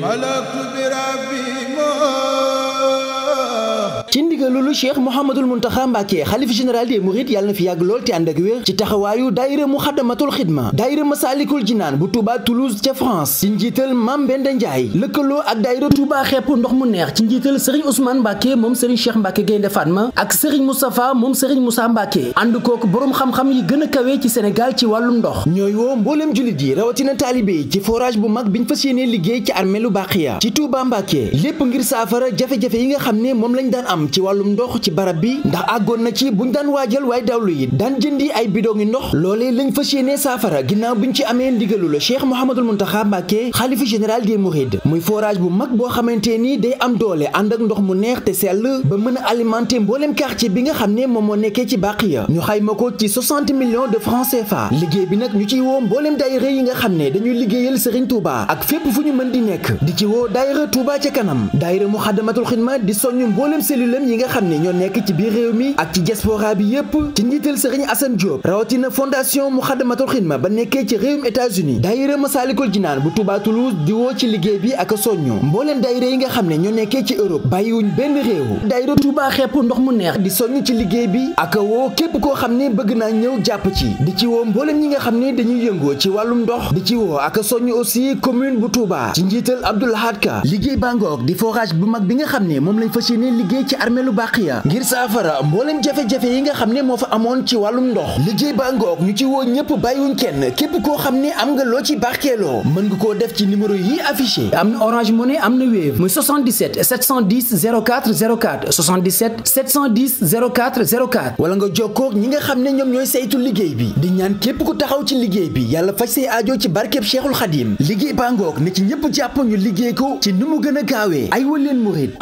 malaktu bi rabbi mo ci ndigalulu cheikh mouhamadul muntaxa mbàkke xalif général des mourides yàlla na fi yàgg lool te ànd ak wér ci taxawaayu daayira muxaddamatul xidma daayira masalikul jinaan bu Touba Toulouse ca France ci njiital Mame Benda Ndiaye lëkkaloo ak daayira Touba xepp ndox mu neex ci njiital sëriñ Ousmane Mbàkke moom sëriñ Cheikh Mbàkke Gaynde Fatma ak sëriñ Moustapha moom sëriñ Moussa Mbàkke ànd kooku boroom xam-xam yi gën a kawee ci senegal ci wàllum ndox ñooy woo mbooleem jullit yi rawatina taalibe yi ci forage bu mag biñ fas yéenee liggéey ci armeelu Baxiya ci Touba Mbàkke lépp ngir saafara jafe yi nga xam ne moom lañ daan am ci wàllum ndox ci barab bi ndax àggoon na ci bu ñu daan waajal waay dawlu yi daan jëndi ay bido yi ndox loolee lañ fas ne saafara ginnaaw ñu ci amee ndigalu la Cheikh Mouhamadul Mountakha Mbacké xalifa général des Mourides muy forage bu mag boo xamante nii day am doole ànd ak ndox mu neex te sell ba mën a alimenter mbooleem quartier bi nga xam ne moom moo nekkee ci bàq ya ñu xayma ko ci 60 millions de francs CFA liggéey bi nag ñu ciy woo mbooleem daayira yi nga xam ne dañuy liggéeyal Serigne Touba ak fépp fu ñu mën di nekk di ci woo daayira Touba ca kanam daayira Muxaddamatul Xidma di soññ mbooleem kuréelam yi nga xam ne ñoo nekk ci biir réew mi ak ci diaspora bi yépp bu Touba Toulouse di woo ci liggéey bi ak soñño mbooleem daayira yi nga xam ne ñoo nekkee ci Europe bàyyiwuñ benn réew daayira Touba xepp ndox mu neex di soññ ci liggéey bi ak woo képp koo xam ne bëgg naa ñëw jàpp ci di ci woo mbooleem ñi nga xam ne dañuy yëngoo ci wàllum ndox di ci woo ak soññ aussi commune bu Touba ci njiital Abdoul Hadka liggéey bàngoog di forage bu mag bi nga xam ne moom lañ fas yéene liggéey ci armeelu Baqiya ngir saafara mboolem jafe-jafe yi nga xam ne moo fa amoon ci wàllum ndox liggéey ba ngoog ñu ci woo ñëpp bàyyiwuñ kenn képp koo xam ne am nga loo ci barkeeloo mën nga koo def ci numéro yi affiché am na Orange Money am na Wave muy 77 710 04 04 77 710 04 04 wala nga jokkoo ñi nga xam ne ñoom ñooy saytu liggéey bi di ñaan képp ku taxaw ci liggéey bi yàlla faj say aajo ci barkeb Cheikhul Khadim liggéey ba ngoog ne ci ñëpp jàpp ñu liggéey ko ci ni mu gën a gaawee ay wa leen murid